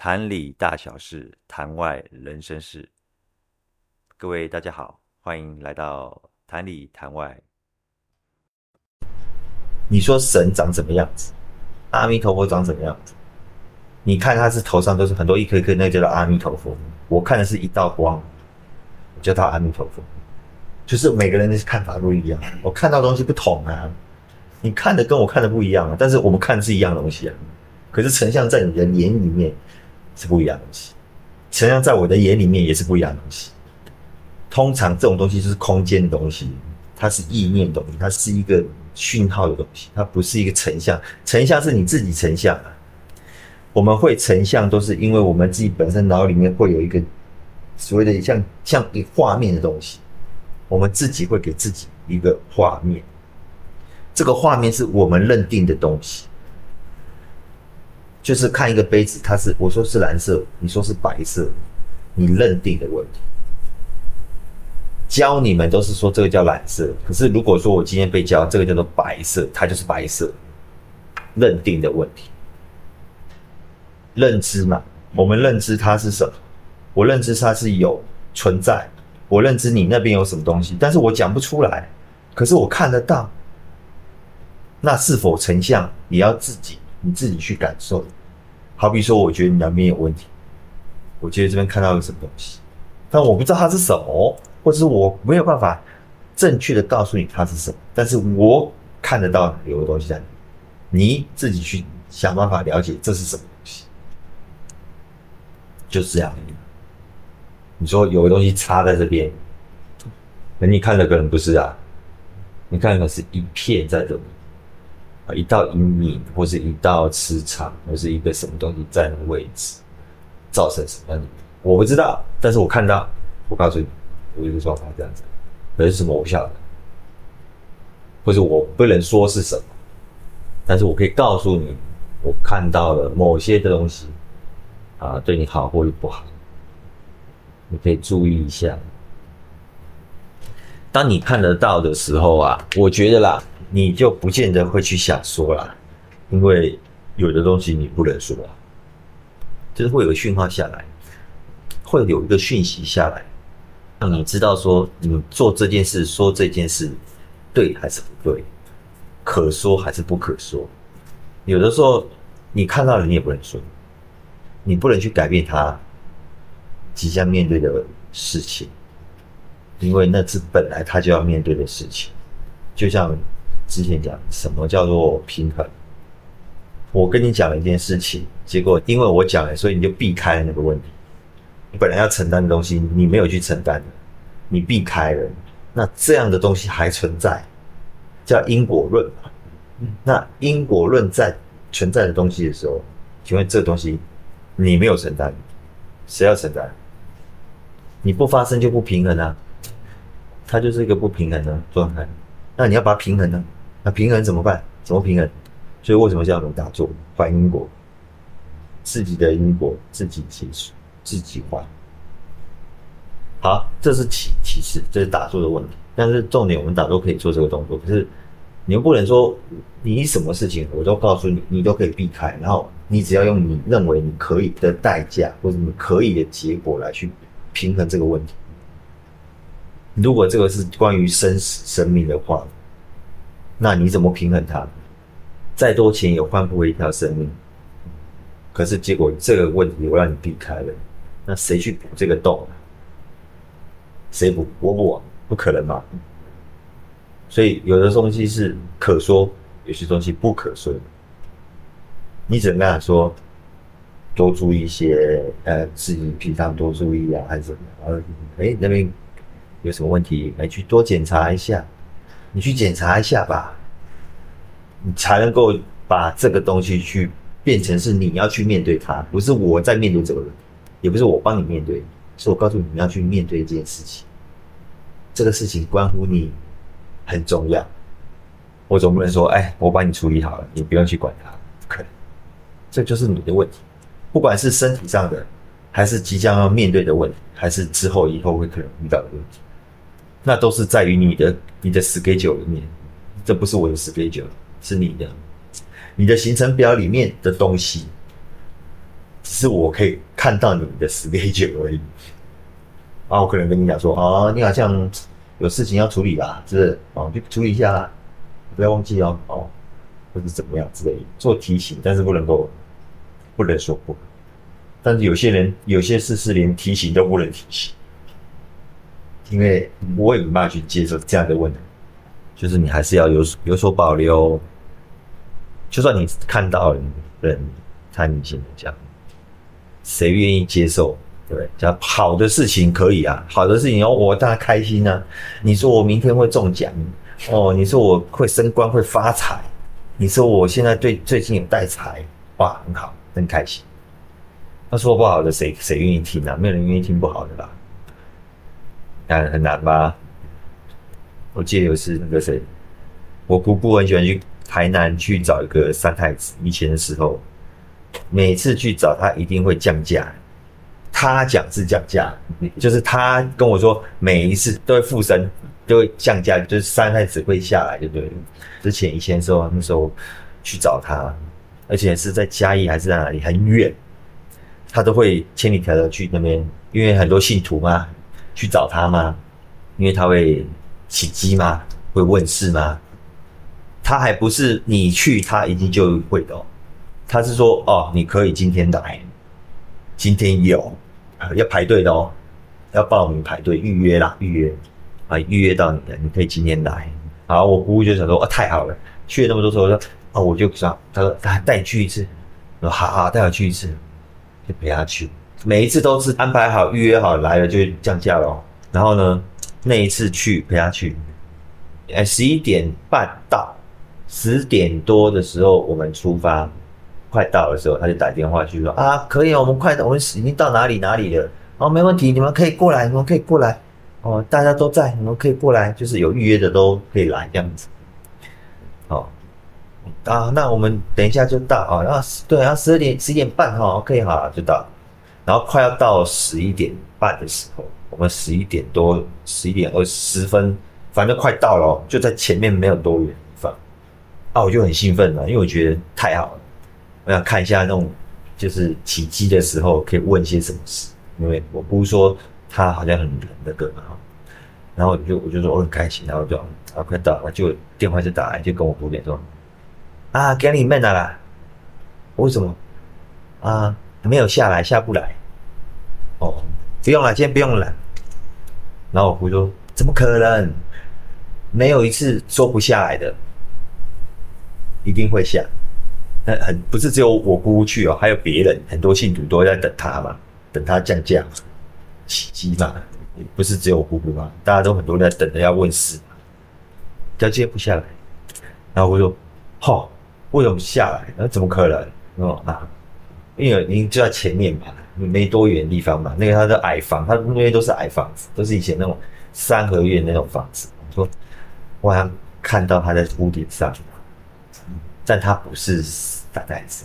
壇裡大小事，壇外人生事。各位大家好，歡迎來到壇裡談外。你說神長什麼樣子？阿彌陀佛長什麼樣子？你看他是頭上都是很多一顆一顆，那叫做阿彌陀佛。我看的是一道光，我叫他阿彌陀佛。就是每個人的看法不一樣，我看到東西不同啊。你看的跟我看的不一樣啊，但是我們看的是一樣東西啊。可是成像在你的眼裡面。是不一樣的東西，成像在我的眼裡面也是不一樣的東西。通常這種東西就是空間的東西，它是意念的東西，它是一個訊號的東西，它不是一個成像。成像是你自己成像，我們會成像都是因為我們自己本身腦裡面會有一個所謂的像像一畫面的東西，我們自己會給自己一個畫面，這個畫面是我們認定的東西。就是看一個杯子，它是我說是藍色，你說是白色，你認定的問題。教你們都是說這個叫藍色，可是如果說我今天被教這個叫做白色，它就是白色，認定的問題。認知嘛，我們認知它是什麼，我認知它是有存在，我認知你那邊有什麼東西，但是我講不出來，可是我看得到。那是否成像，你要自己，你自己去感受。好比說，我覺得你兩邊有問題，我覺得這邊看到個什麼東西，但我不知道它是什麼，或者是我沒有辦法正確的告訴你它是什麼，但是我看得到有個東西在裡面，你自己去想辦法了解，這是什麼東西，就是這樣的，你說有個東西插在這邊，等你看了可能不是啊，你看可能是一片在這裡。一道陰影，或是一道磁場，或是一個什麼東西在那個位置，造成什麼樣的？我不知道，但是我看到，我告訴你，我一個狀態這樣子，可是什麼我不曉得，或者我不能說是什麼，但是我可以告訴你，我看到了某些的東西，啊，對你好或者不好，你可以注意一下。當你看得到的時候啊，我覺得啦。你就不見得會去瞎說啦，因為有的東西你不能說啦，就是會有訊號下來，會有一個訊息下來，讓你知道說你做這件事、說這件事對還是不對，可說還是不可說。有的時候你看到人也不能說，你不能去改變他即將面對的事情，因為那是本來他就要面對的事情，就像。之前講什麼叫做平衡？我跟你講了一件事情，結果因為我講了，所以你就避開了那個問題。你本來要承擔的東西，你沒有去承擔，你避開了。那這樣的東西還存在，叫因果論。嗯。那因果論在存在的東西的時候，請問這東西你沒有承擔，誰要承擔？你不發生就不平衡啊，它就是一個不平衡的狀態。那你要把它平衡呢？啊？平衡怎麼辦？怎麼平衡？所以為什麼叫我們打坐？還因果，自己的因果自己結束自己還。好，這是起起始，這是打坐的問題。但是重點，我們打坐可以做這個動作，可是你又不能說你什麼事情我都告訴你，你都可以避開，然後你只要用你認為你可以的代價，或者你可以的結果來去平衡這個問題。如果這個是關於生死生命的話。那你怎麼平衡它？再多錢也換不回一條生命。可是結果這個問題我讓你避開了，那誰去補這個洞？誰補？我不啊，不可能嘛。所以有的東西是可說，有些東西不可說。你只能跟他說，多注意一些，呃，自己平常多注意啊，還是什麼呃，哎、欸、那邊有什麼問題，來去多檢查一下。你去檢查一下吧，你才能夠把這個東西去變成是你要去面對它，不是我在面對這個問題，也不是我幫你面對，是我告訴你們要去面對這件事情。這個事情關乎你很重要。我總不能說，哎、欸，我幫你處理好了，你不用去管它，不可能。這就是你的問題，不管是身體上的，還是即將要面對的問題，還是之後以後會可能遇到的問題。那都是在於你的你的 schedule 裡面，這不是我的 schedule，是你的，你的行程表裡面的東西，只是我可以看到你的 schedule 而已。啊，我可能跟你講說，啊，你好像有事情要處理啦、啊，是吧啊，去處理一下，不要忘記哦，哦、啊，或者怎麼樣之類的，做提醒，但是不能夠，不能說不，但是有些人有些事是連提醒都不能提醒。因為我也沒有辦法去接受這樣的問題，就是你還是要有有所保留。就算你看到人他性的這樣，誰願意接受？對不對？講好的事情可以啊，好的事情哦，我當然開心啊。你說我明天會中獎哦，你說我會升官會發財，你說我現在對最近有帶財，哇，很好，真開心。那說不好的誰，誰誰願意聽啊？沒有人願意聽不好的吧？嗯，很難吧？我記得有一次，那個誰，我姑姑很喜歡去台南去找一個三太子。以前的時候，每次去找他一定會降駕。他講是降駕，就是他跟我說，每一次都會附身，嗯、都會降駕，就是三太子會下來，對不對？之前以前的時候，那時候去找他，而且是在嘉義還是在哪裡很遠，他都會千里迢迢去那邊，因為很多信徒嘛。去找他嗎？因為他會起乩嗎？會問事嗎？他還不是你去，他一定就會的、喔。他是說哦，你可以今天來，今天有、呃、要排隊的哦、喔，要報名排隊預約啦，預約啊，預、呃、約到你的，你可以今天來。好，我姑姑就想說啊、呃，太好了，去了那麼多次，我說哦，我就想他說啊，帶你去一次，我說好好，帶我去一次，就陪他去。每一次都是安排好，預約好，來了就降價咯。然後呢，那一次去陪他去，哎、欸，十一點半到十點多的時候，我們出發，快到的時候他就打電話去說：“啊，可以哦，我們快，我們已經到哪裡哪裡了，哦，沒問題，你們可以過來，你們可以過來，哦，大家都在，你們可以過來，就是有預約的都可以來這樣子。好、哦，啊，那我們等一下就到啊，然後對、啊，然後十二點十一點半哈，OK 哈，就到。”然後快要到十一點半的時候，我們十一點多，十一點二十分，反正快到了，就在前面沒有多遠地方，啊，我就很興奮了，因為我覺得太好了，我想看一下那種就是起乩的時候可以問些什麼事，因為我不是說他好像很冷的哥哥哈，然後我就我就說我、哦、很開心，然後就啊快到了，就電話就打來，就跟我補點說啊，給你慢啦，為什麼啊沒有下來，下不來。不用了，今天不用了。然後我姑說：“怎麼可能？沒有一次說不下來的，一定會下。但很不是只有我姑姑去哦，還有別人，很多信徒都在等他嘛，等他降駕，起乩嘛，不是只有我姑姑嘛，大家都很多人在等着要問事，要接不下來。然後我說：‘哈、哦，為什麼下來？那怎麼可能？’哦，啊，因為您就在前面嘛。”沒多遠地方嘛，那個他的矮房，他那邊都是矮房子，都是以前那種三合院那種房子。我說，我好像看到他在屋頂上，但他不是大袋子，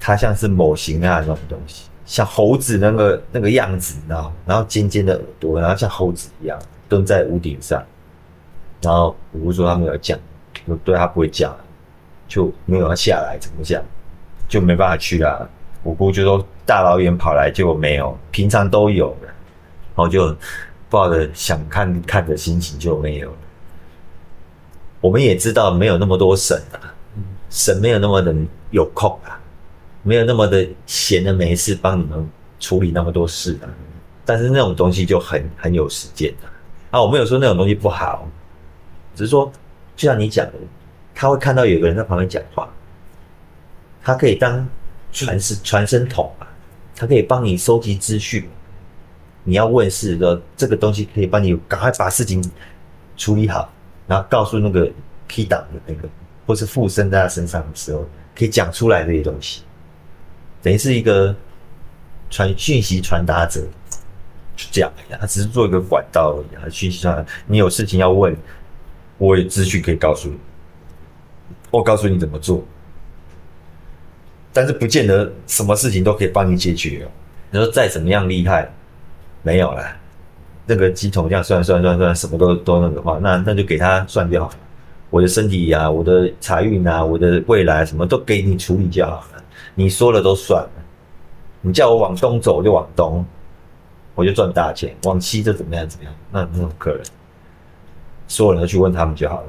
他像是模型啊那種東西，像猴子那個那個樣子，然後然後尖尖的耳朵，然後像猴子一樣蹲在屋頂上。然後我說他沒有要降，就對他不會降，就沒有要下來，怎麼講，就沒辦法去啊。我姑就說：“大老遠跑來就沒有，平常都有了。”然後就抱着想看看的心情就沒有了。我們也知道沒有那麼多神啊，神沒有那麼的有空啊，沒有那麼的閒的沒事幫你們處理那麼多事啊。但是那種東西就很很有時間的啊，啊。我沒有說那種東西不好，只是說就像你講的，他會看到有個人在旁邊講話，他可以當。傳傳聲筒啊，它可以幫你收集資訊。你要問事的這個東西可以幫你趕快把事情處理好，然後告訴那個 key 檔的那個，或是附身在他身上的時候，可以講出來這些東西。等於是一個傳訊息傳達者，就這樣。他只是做一個管道而已。訊息傳達，你有事情要問，我有資訊可以告訴你，我告訴你怎麼做。但是不見得什麼事情都可以幫你解決哦。你說再怎麼樣厲害，沒有啦，那個乩童這樣算算算算，什麼都都那個話，那那就給他算掉。我的身體啊，我的財運啊，我的未來什麼都給你處理掉了。你說了都算，你叫我往東走，我就往東，我就賺大錢；往西就怎麼樣怎麼樣，那那種客人，所有人都去問他們就好了。